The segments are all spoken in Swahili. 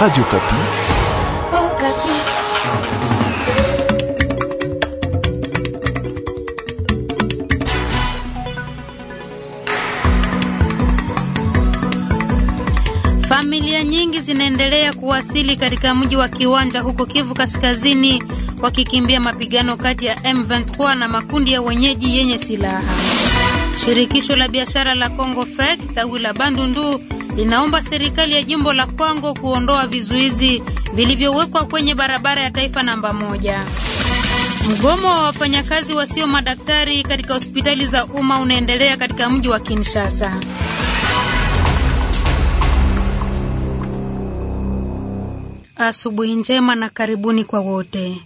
Radio Okapi. Familia nyingi zinaendelea kuwasili katika mji wa Kiwanja huko Kivu Kaskazini wakikimbia mapigano kati ya M23 na makundi ya wenyeji yenye silaha. Shirikisho la biashara la congo FEC tawi la Bandundu linaomba serikali ya jimbo la Kwango kuondoa vizuizi vilivyowekwa kwenye barabara ya taifa namba moja. Mgomo wa wafanyakazi wasio madaktari katika hospitali za umma unaendelea katika mji wa Kinshasa. Asubuhi njema na karibuni kwa wote.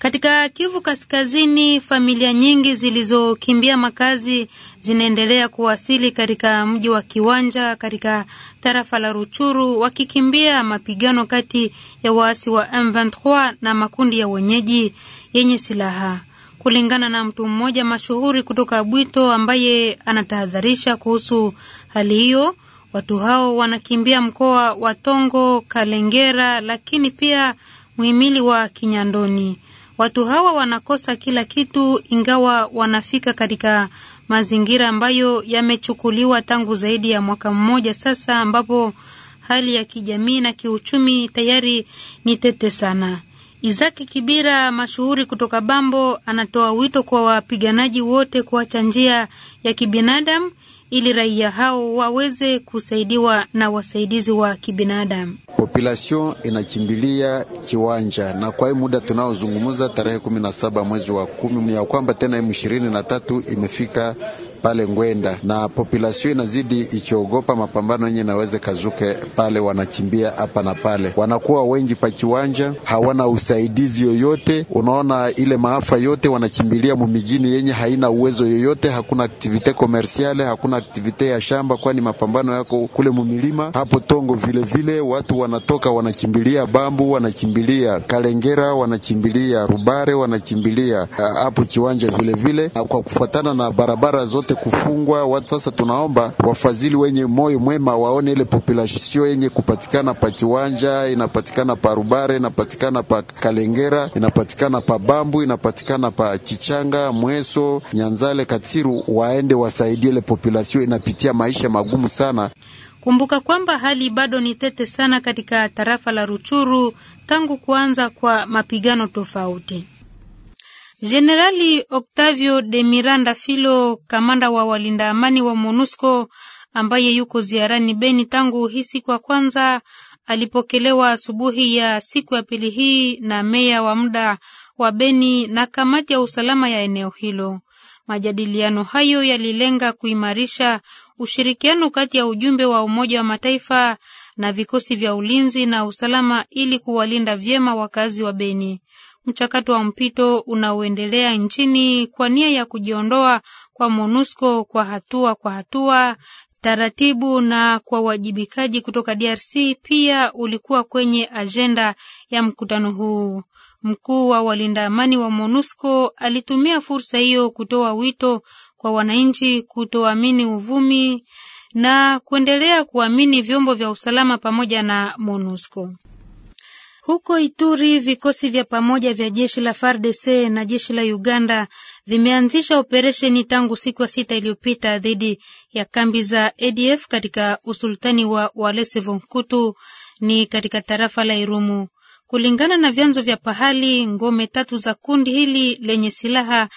Katika Kivu Kaskazini, familia nyingi zilizokimbia makazi zinaendelea kuwasili katika mji wa Kiwanja katika tarafa la Ruchuru, wakikimbia mapigano kati ya waasi wa M23 na makundi ya wenyeji yenye silaha, kulingana na mtu mmoja mashuhuri kutoka Bwito ambaye anatahadharisha kuhusu hali hiyo. Watu hao wanakimbia mkoa wa Tongo, Kalengera, lakini pia muhimili wa Kinyandoni. Watu hawa wanakosa kila kitu, ingawa wanafika katika mazingira ambayo yamechukuliwa tangu zaidi ya mwaka mmoja sasa, ambapo hali ya kijamii na kiuchumi tayari ni tete sana. Izaki Kibira mashuhuri kutoka Bambo anatoa wito kwa wapiganaji wote kuacha njia ya kibinadamu ili raia hao waweze kusaidiwa na wasaidizi wa kibinadamu. Population inakimbilia kiwanja na kwa hii muda tunaozungumza, tarehe kumi na saba mwezi wa kumi ya kwamba tena M ishirini na tatu imefika pale Ngwenda, na populasion inazidi ikiogopa mapambano yenye naweze kazuke pale. Wanachimbia hapa na pale, wanakuwa wengi pa kiwanja, hawana usaidizi yoyote. Unaona ile maafa yote wanachimbilia mumijini yenye haina uwezo yoyote, hakuna aktivite komersiale, hakuna aktivite ya shamba, kwani mapambano yako kule mumilima hapo Tongo vilevile vile, watu wanatoka wanachimbilia Bambu, wanachimbilia Kalengera, wanachimbilia Rubare, wanachimbilia ah, hapo kiwanja vile vile, kwa kufuatana na barabara zote yote kufungwa. Watu sasa, tunaomba wafadhili wenye moyo mwema waone ile population yenye kupatikana pa Kiwanja, inapatikana pa Rubare, inapatikana pa Kalengera, inapatikana pa Bambu, inapatikana pa Chichanga, Mweso, Nyanzale, Katiru, waende wasaidie ile population inapitia maisha magumu sana. Kumbuka kwamba hali bado ni tete sana katika tarafa la Ruchuru tangu kuanza kwa mapigano tofauti. Jenerali Octavio de Miranda Filo, kamanda wa walinda amani wa MONUSCO ambaye yuko ziarani Beni tangu hii siku ya kwanza, alipokelewa asubuhi ya siku ya pili hii na meya wa muda wa Beni na kamati ya usalama ya eneo hilo. Majadiliano hayo yalilenga kuimarisha ushirikiano kati ya ujumbe wa Umoja wa Mataifa na vikosi vya ulinzi na usalama ili kuwalinda vyema wakazi wa Beni mchakato wa mpito unaoendelea nchini kwa nia ya kujiondoa kwa MONUSCO kwa hatua kwa hatua taratibu na kwa wajibikaji kutoka DRC pia ulikuwa kwenye ajenda ya mkutano huu. Mkuu wa walinda amani wa MONUSCO alitumia fursa hiyo kutoa wito kwa wananchi kutoamini uvumi na kuendelea kuamini vyombo vya usalama pamoja na MONUSCO. Huko Ituri, vikosi vya pamoja vya jeshi la FARDC na jeshi la Uganda vimeanzisha operesheni tangu siku ya sita iliyopita dhidi ya kambi za ADF katika usultani wa Walese Vonkutu, ni katika tarafa la Irumu. Kulingana na vyanzo vya pahali, ngome tatu za kundi hili lenye silaha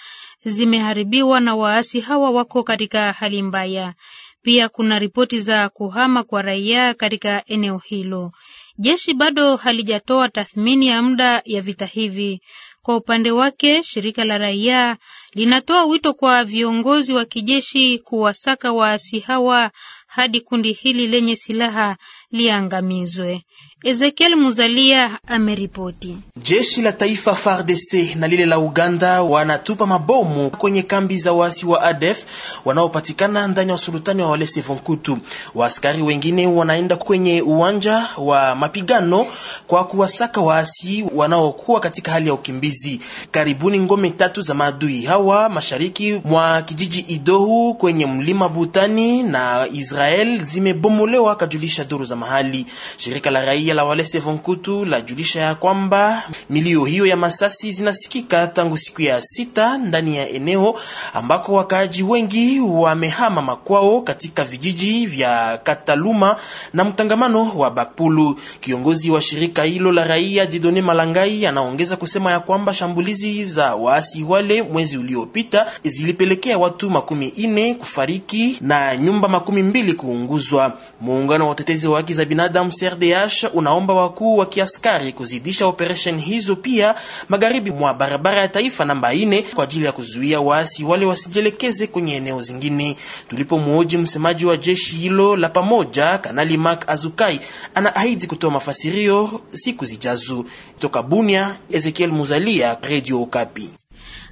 zimeharibiwa na waasi hawa wako katika hali mbaya. Pia kuna ripoti za kuhama kwa raia katika eneo hilo. Jeshi bado halijatoa tathmini ya muda ya vita hivi. Kwa upande wake, shirika la raia linatoa wito kwa viongozi wa kijeshi kuwasaka waasi hawa hadi kundi hili lenye silaha liangamizwe. Ezekiel Muzalia ameripoti. Jeshi la taifa FARDC na lile la Uganda wanatupa mabomu kwenye kambi za waasi wa ADF wanaopatikana ndani ya usultani wa Walese Vonkutu. Waaskari wengine wanaenda kwenye uwanja wa mapigano kwa kuwasaka waasi wanaokuwa katika hali ya ukimbizi. Karibuni ngome tatu za maadui hawa mashariki mwa kijiji Idohu kwenye mlima Butani na Israel Israel zimebomolewa, kajulisha duru za mahali. Shirika la raia la Walese Vonkutu lajulisha ya kwamba milio hiyo ya masasi zinasikika tangu siku ya sita ndani ya eneo ambako wakaaji wengi wamehama makwao katika vijiji vya Kataluma na mtangamano wa Bakpulu. Kiongozi wa shirika hilo la raia Didone Malangai anaongeza kusema ya kwamba shambulizi za waasi wale mwezi uliopita zilipelekea watu makumi ine kufariki na nyumba makumi mbili ili kuunguzwa. Muungano wa utetezi wa haki za binadamu CRDH unaomba wakuu wa kiaskari kuzidisha operesheni hizo pia magharibi mwa barabara ya taifa namba ine kwa ajili ya kuzuia waasi wale wasijelekeze kwenye eneo zingine. Tulipomwoji msemaji wa jeshi hilo la pamoja, Kanali Mark Azukai anaahidi kutoa mafasirio siku zijazo. Toka Bunia, Ezekiel Muzalia, Radio Okapi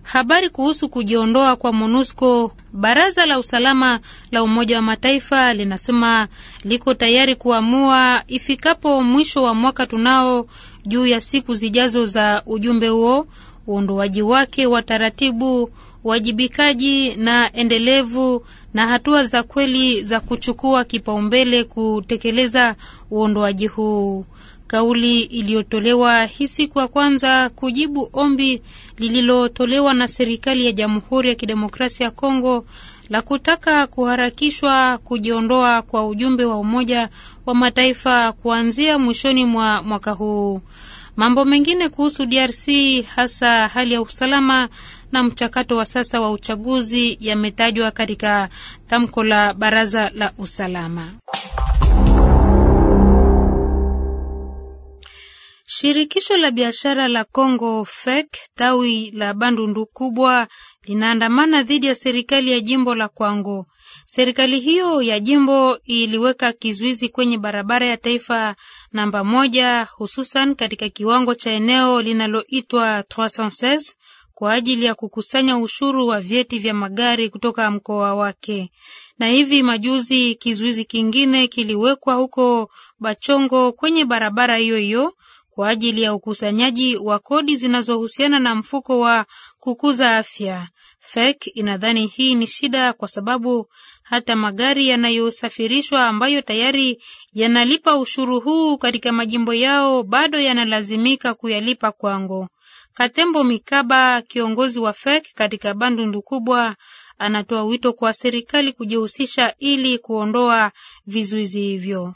habari kuhusu kujiondoa kwa MONUSCO, baraza la usalama la Umoja wa Mataifa linasema liko tayari kuamua ifikapo mwisho wa mwaka tunao juu ya siku zijazo za ujumbe huo, uondoaji wake wa taratibu, uwajibikaji na endelevu, na hatua za kweli za kuchukua kipaumbele kutekeleza uondoaji huu kauli iliyotolewa hii siku ya kwanza kujibu ombi lililotolewa na serikali ya Jamhuri ya Kidemokrasia ya Kongo la kutaka kuharakishwa kujiondoa kwa ujumbe wa Umoja wa Mataifa kuanzia mwishoni mwa mwaka huu. Mambo mengine kuhusu DRC hasa hali ya usalama na mchakato wa sasa wa uchaguzi yametajwa katika tamko la Baraza la Usalama. Shirikisho la biashara la congo FEC tawi la Bandundu kubwa linaandamana dhidi ya serikali ya jimbo la Kwango. Serikali hiyo ya jimbo iliweka kizuizi kwenye barabara ya taifa namba moja, hususan katika kiwango cha eneo linaloitwa 316 kwa ajili ya kukusanya ushuru wa vyeti vya magari kutoka mkoa wake. Na hivi majuzi kizuizi kingine kiliwekwa huko Bachongo kwenye barabara hiyo hiyo kwa ajili ya ukusanyaji wa kodi zinazohusiana na mfuko wa kukuza afya. FEC inadhani hii ni shida kwa sababu hata magari yanayosafirishwa ambayo tayari yanalipa ushuru huu katika majimbo yao bado yanalazimika kuyalipa kwango. Katembo Mikaba, kiongozi wa FEC katika Bandundu kubwa, anatoa wito kwa serikali kujihusisha ili kuondoa vizuizi hivyo.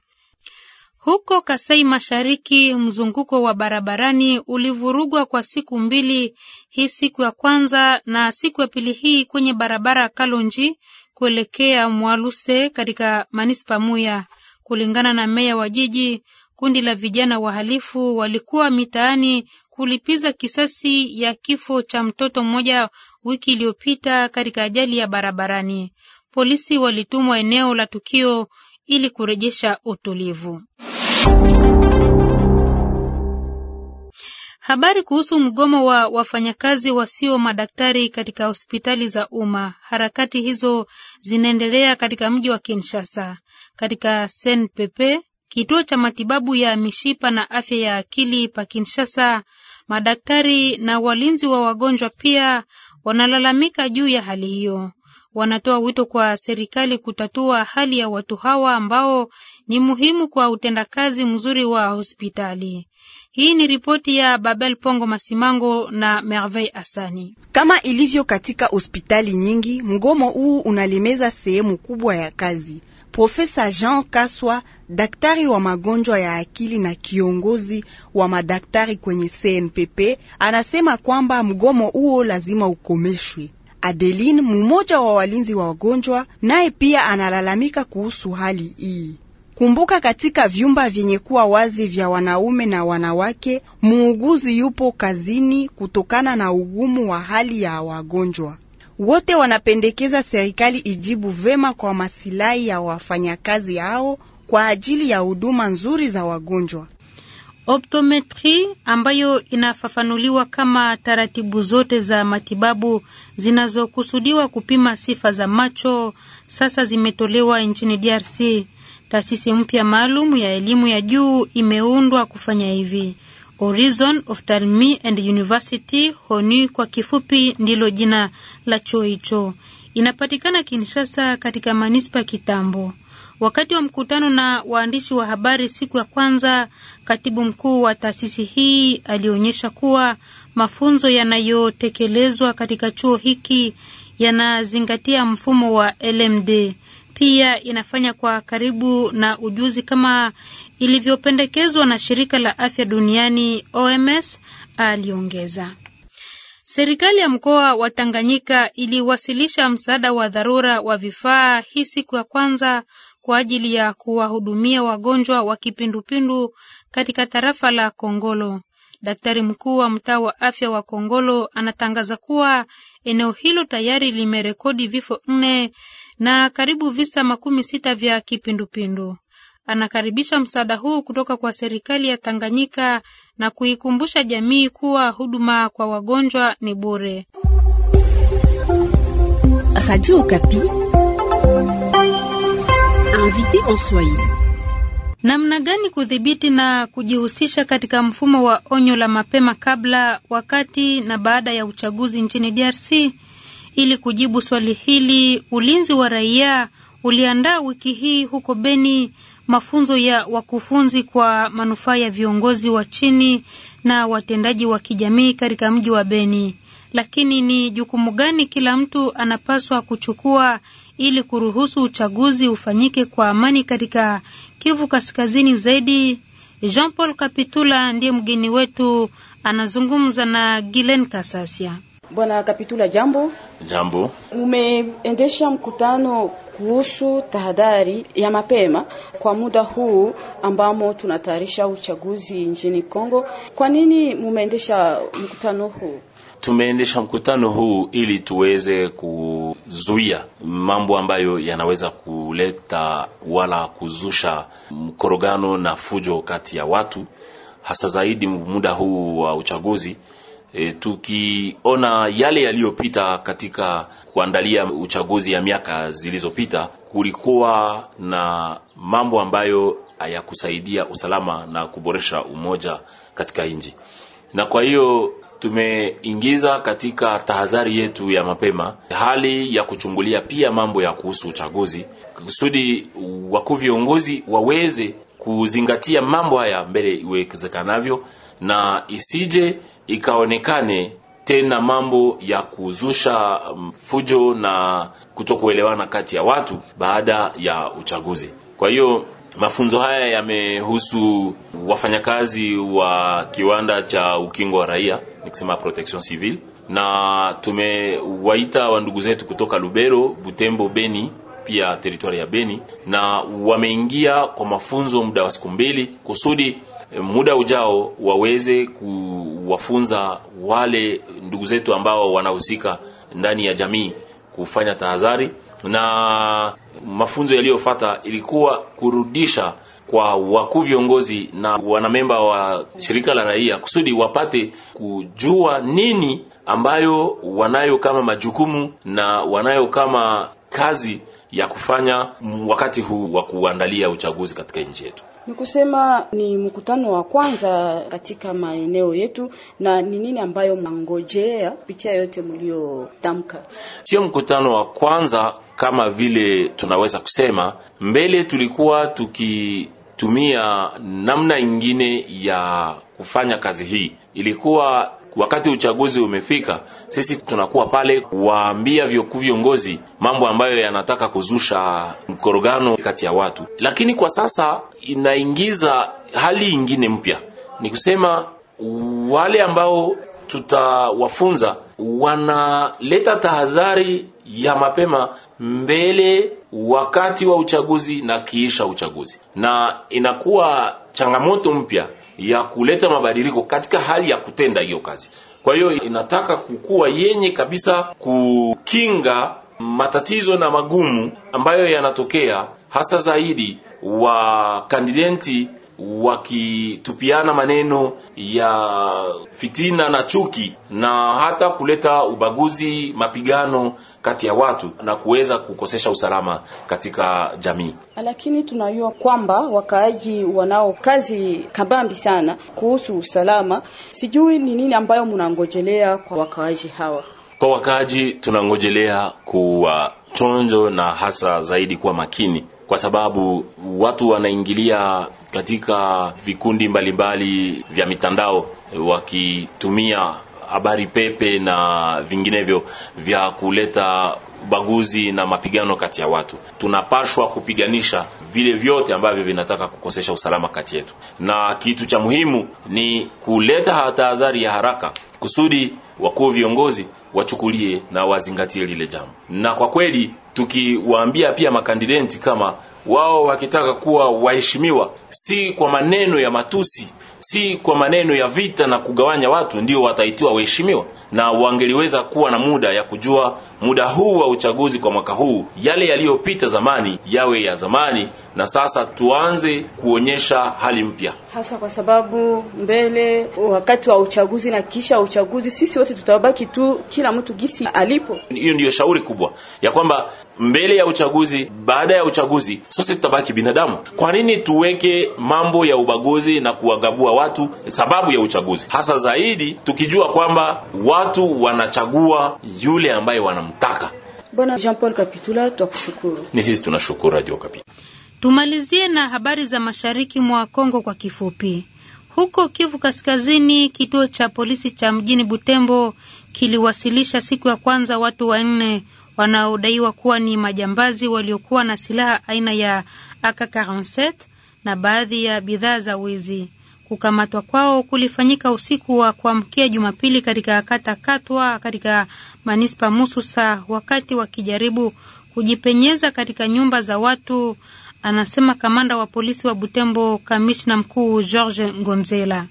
Huko Kasai Mashariki, mzunguko wa barabarani ulivurugwa kwa siku mbili, hii siku ya kwanza na siku ya pili hii kwenye barabara Kalonji kuelekea Mwaluse katika manispa Muya. Kulingana na meya wa jiji, kundi la vijana wahalifu walikuwa mitaani kulipiza kisasi ya kifo cha mtoto mmoja wiki iliyopita katika ajali ya barabarani. Polisi walitumwa eneo la tukio ili kurejesha utulivu. Habari kuhusu mgomo wa wafanyakazi wasio madaktari katika hospitali za umma. Harakati hizo zinaendelea katika mji wa Kinshasa. Katika Sen Pepe, kituo cha matibabu ya mishipa na afya ya akili pa Kinshasa, madaktari na walinzi wa wagonjwa pia wanalalamika juu ya hali hiyo wanatoa wito kwa serikali kutatua hali ya watu hawa ambao ni muhimu kwa utendakazi mzuri wa hospitali. Hii ni ripoti ya Babel Pongo Masimango na Merveille Asani. Kama ilivyo katika hospitali nyingi, mgomo huu unalemeza sehemu kubwa ya kazi. Profesa Jean Kaswa, daktari wa magonjwa ya akili na kiongozi wa madaktari kwenye CNPP, anasema kwamba mgomo huo lazima ukomeshwe. Adeline, mmoja wa walinzi wa wagonjwa, naye pia analalamika kuhusu hali hii. Kumbuka, katika vyumba vyenye kuwa wazi vya wanaume na wanawake, muuguzi yupo kazini kutokana na ugumu wa hali ya wagonjwa wote. Wanapendekeza serikali ijibu vema kwa masilahi ya wafanyakazi hao kwa ajili ya huduma nzuri za wagonjwa. Optometri ambayo inafafanuliwa kama taratibu zote za matibabu zinazokusudiwa kupima sifa za macho sasa zimetolewa nchini DRC. Taasisi mpya maalum ya elimu ya juu imeundwa kufanya hivi. Horizon Ophthalmy and University HONU kwa kifupi ndilo jina la chuo hicho. Inapatikana Kinshasa katika manispa Kitambo. Wakati wa mkutano na waandishi wa habari siku ya kwanza, katibu mkuu wa taasisi hii alionyesha kuwa mafunzo yanayotekelezwa katika chuo hiki yanazingatia mfumo wa LMD. Pia inafanya kwa karibu na ujuzi kama ilivyopendekezwa na shirika la afya duniani OMS, aliongeza. Serikali ya mkoa wa Tanganyika iliwasilisha msaada wa dharura wa vifaa hii siku ya kwanza kwa ajili ya kuwahudumia wagonjwa wa kipindupindu katika tarafa la Kongolo. Daktari mkuu wa mtaa wa afya wa Kongolo anatangaza kuwa eneo hilo tayari limerekodi vifo nne na karibu visa makumi sita vya kipindupindu. Anakaribisha msaada huu kutoka kwa serikali ya Tanganyika na kuikumbusha jamii kuwa huduma kwa wagonjwa ni bure. Radio invité en Swahili. Namna gani kudhibiti na kujihusisha katika mfumo wa onyo la mapema kabla, wakati na baada ya uchaguzi nchini DRC? Ili kujibu swali hili, ulinzi wa raia uliandaa wiki hii huko Beni mafunzo ya wakufunzi kwa manufaa ya viongozi wa chini na watendaji wa kijamii katika mji wa Beni lakini ni jukumu gani kila mtu anapaswa kuchukua ili kuruhusu uchaguzi ufanyike kwa amani katika Kivu Kaskazini zaidi? Jean Paul Kapitula ndiye mgeni wetu, anazungumza na Gilen Kasasia. Bwana Kapitula, jambo. Jambo. Umeendesha mkutano kuhusu tahadhari ya mapema kwa muda huu ambamo tunatayarisha uchaguzi nchini Kongo. Kwa nini mumeendesha mkutano huu? Tumeendesha mkutano huu ili tuweze kuzuia mambo ambayo yanaweza kuleta wala kuzusha mkorogano na fujo kati ya watu, hasa zaidi muda huu wa uchaguzi. E, tukiona yale yaliyopita katika kuandalia uchaguzi ya miaka zilizopita, kulikuwa na mambo ambayo kusaidia usalama na kuboresha umoja katika nji na kwa hiyo tumeingiza katika tahadhari yetu ya mapema hali ya kuchungulia pia mambo ya kuhusu uchaguzi kusudi wakuu viongozi waweze kuzingatia mambo haya mbele iwekezekanavyo na isije ikaonekane tena mambo ya kuzusha mm, fujo na kutokuelewana kati ya watu baada ya uchaguzi. Kwa hiyo Mafunzo haya yamehusu wafanyakazi wa kiwanda cha ukingo wa raia, nikisema protection civil, na tumewaita wandugu zetu kutoka Lubero, Butembo, Beni pia teritoria ya Beni, na wameingia kwa mafunzo muda wa siku mbili kusudi eh, muda ujao waweze kuwafunza wale ndugu zetu ambao wanahusika ndani ya jamii kufanya tahadhari, na mafunzo yaliyofuata ilikuwa kurudisha kwa wakuu viongozi na wanamemba wa shirika la raia kusudi wapate kujua nini ambayo wanayo kama majukumu na wanayo kama kazi ya kufanya wakati huu wa kuandalia uchaguzi katika nchi yetu? Ni kusema ni mkutano wa kwanza katika maeneo yetu, na ni nini ambayo mnangojea kupitia yote mliotamka? Sio mkutano wa kwanza kama vile tunaweza kusema, mbele tulikuwa tukitumia namna ingine ya kufanya kazi hii, ilikuwa wakati uchaguzi umefika, sisi tunakuwa pale kuwaambia vyokuu viongozi mambo ambayo yanataka kuzusha mkorogano kati ya watu. Lakini kwa sasa inaingiza hali ingine mpya, ni kusema wale ambao tutawafunza wanaleta tahadhari ya mapema mbele wakati wa uchaguzi na kiisha uchaguzi, na inakuwa changamoto mpya ya kuleta mabadiliko katika hali ya kutenda hiyo kazi. Kwa hiyo inataka kukuwa yenye kabisa kukinga matatizo na magumu ambayo yanatokea hasa zaidi wa kandidenti wakitupiana maneno ya fitina na chuki na hata kuleta ubaguzi, mapigano kati ya watu na kuweza kukosesha usalama katika jamii. Lakini tunajua kwamba wakaaji wanao kazi kabambi sana kuhusu usalama. Sijui ni nini ambayo mnangojelea kwa wakaaji hawa? Kwa wakaaji tunangojelea kuwa chonjo na hasa zaidi kuwa makini kwa sababu watu wanaingilia katika vikundi mbalimbali vya mitandao eh, wakitumia habari pepe na vinginevyo vya kuleta ubaguzi na mapigano kati ya watu. Tunapashwa kupiganisha vile vyote ambavyo vinataka kukosesha usalama kati yetu, na kitu cha muhimu ni kuleta tahadhari ya haraka kusudi wakuu viongozi wachukulie na wazingatie lile jambo. Na kwa kweli tukiwaambia pia makandidenti kama wao wakitaka kuwa waheshimiwa, si kwa maneno ya matusi si kwa maneno ya vita na kugawanya watu ndio wataitiwa waheshimiwa, na wangeliweza kuwa na muda ya kujua muda huu wa uchaguzi kwa mwaka huu, yale yaliyopita zamani yawe ya zamani, na sasa tuanze kuonyesha hali mpya, hasa kwa sababu mbele, wakati wa uchaguzi na kisha uchaguzi, sisi wote tutabaki tu kila mtu gisi alipo. Hiyo ndiyo shauri kubwa ya kwamba mbele ya uchaguzi, baada ya uchaguzi. Sote tutabaki binadamu. Kwa nini tuweke mambo ya ubaguzi na kuwagabua watu sababu ya uchaguzi, hasa zaidi tukijua kwamba watu wanachagua yule ambaye wanamtaka? Bwana Jean Paul Kapitula, twakushukuru. Ni sisi tunashukuru Radio Kapitula. Tumalizie na habari za mashariki mwa Kongo kwa kifupi. Huko Kivu Kaskazini, kituo cha polisi cha mjini Butembo kiliwasilisha siku ya kwanza watu wanne wanaodaiwa kuwa ni majambazi waliokuwa na silaha aina ya AK47 na baadhi ya bidhaa za wizi. Kukamatwa kwao kulifanyika usiku wa kuamkia Jumapili katika kata Katwa katika manispa Mususa, wakati wakijaribu kujipenyeza katika nyumba za watu, anasema kamanda wa polisi wa Butembo, kamishna mkuu George Ngonzela.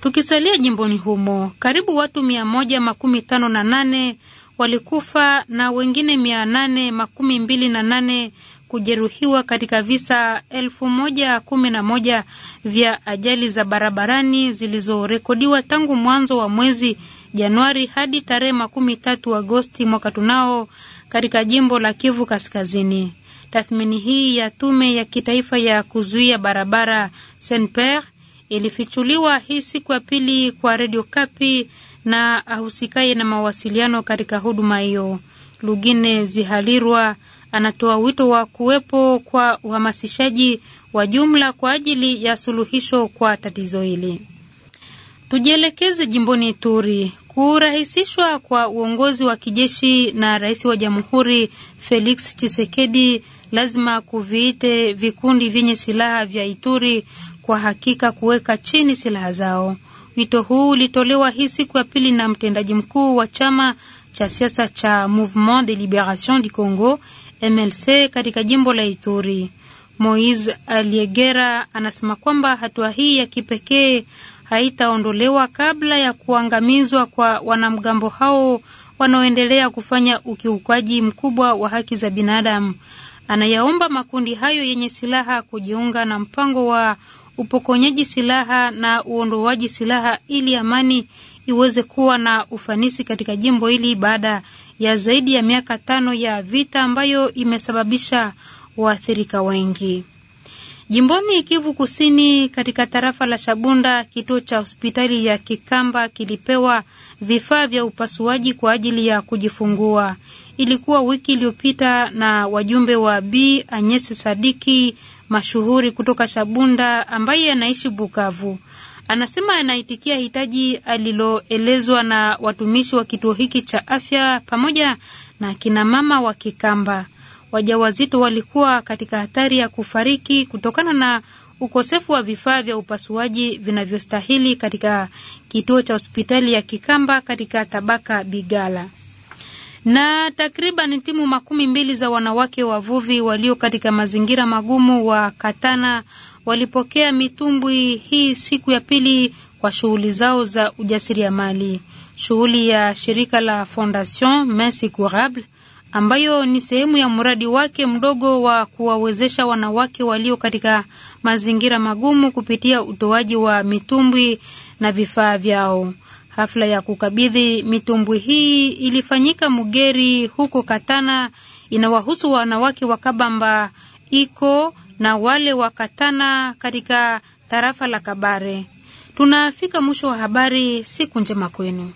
Tukisalia jimboni humo, karibu watu mia moja makumi tano na nane walikufa na wengine mia nane makumi mbili na nane kujeruhiwa katika visa elfu moja kumi na moja vya ajali za barabarani zilizorekodiwa tangu mwanzo wa mwezi Januari hadi tarehe makumi tatu Agosti mwaka tunao katika jimbo la Kivu Kaskazini. Tathmini hii ya tume ya kitaifa ya kuzuia barabara Senper ilifichuliwa hii siku ya pili kwa redio Kapi na ahusikaye na mawasiliano katika huduma hiyo. Lugine Zihalirwa anatoa wito wa kuwepo kwa uhamasishaji wa jumla kwa ajili ya suluhisho kwa tatizo hili. Tujielekeze jimboni Ituri. Kurahisishwa kwa uongozi wa kijeshi na rais wa jamhuri Felix Tshisekedi lazima kuviite vikundi vyenye silaha vya Ituri kwa hakika kuweka chini silaha zao. Wito huu ulitolewa hii siku ya pili na mtendaji mkuu wa chama cha siasa cha Mouvement de Liberation du Congo MLC katika jimbo la Ituri. Moise Aliegera anasema kwamba hatua hii ya kipekee haitaondolewa kabla ya kuangamizwa kwa wanamgambo hao wanaoendelea kufanya ukiukaji mkubwa wa haki za binadamu. Anayaomba makundi hayo yenye silaha kujiunga na mpango wa upokonyaji silaha na uondoaji silaha ili amani iweze kuwa na ufanisi katika jimbo hili baada ya zaidi ya miaka tano ya vita ambayo imesababisha waathirika wengi. Jimboni Kivu Kusini, katika tarafa la Shabunda, kituo cha hospitali ya Kikamba kilipewa vifaa vya upasuaji kwa ajili ya kujifungua. Ilikuwa wiki iliyopita, na wajumbe wa Bi Anyese Sadiki mashuhuri kutoka Shabunda ambaye anaishi Bukavu. Anasema anaitikia hitaji aliloelezwa na watumishi wa kituo hiki cha afya pamoja na kina mama wa Kikamba. Wajawazito walikuwa katika hatari ya kufariki kutokana na ukosefu wa vifaa vya upasuaji vinavyostahili katika kituo cha hospitali ya Kikamba katika tabaka Bigala na takriban timu makumi mbili za wanawake wavuvi walio katika mazingira magumu wa Katana walipokea mitumbwi hii siku ya pili kwa shughuli zao za ujasiriamali. Shughuli ya shirika la Fondation Mains Secourables ambayo ni sehemu ya mradi wake mdogo wa kuwawezesha wanawake walio katika mazingira magumu kupitia utoaji wa mitumbwi na vifaa vyao. Hafla ya kukabidhi mitumbwi hii ilifanyika Mugeri huko Katana, inawahusu wanawake wa Kabamba iko na wale wa Katana katika tarafa la Kabare. Tunafika mwisho wa habari. Siku njema kwenu.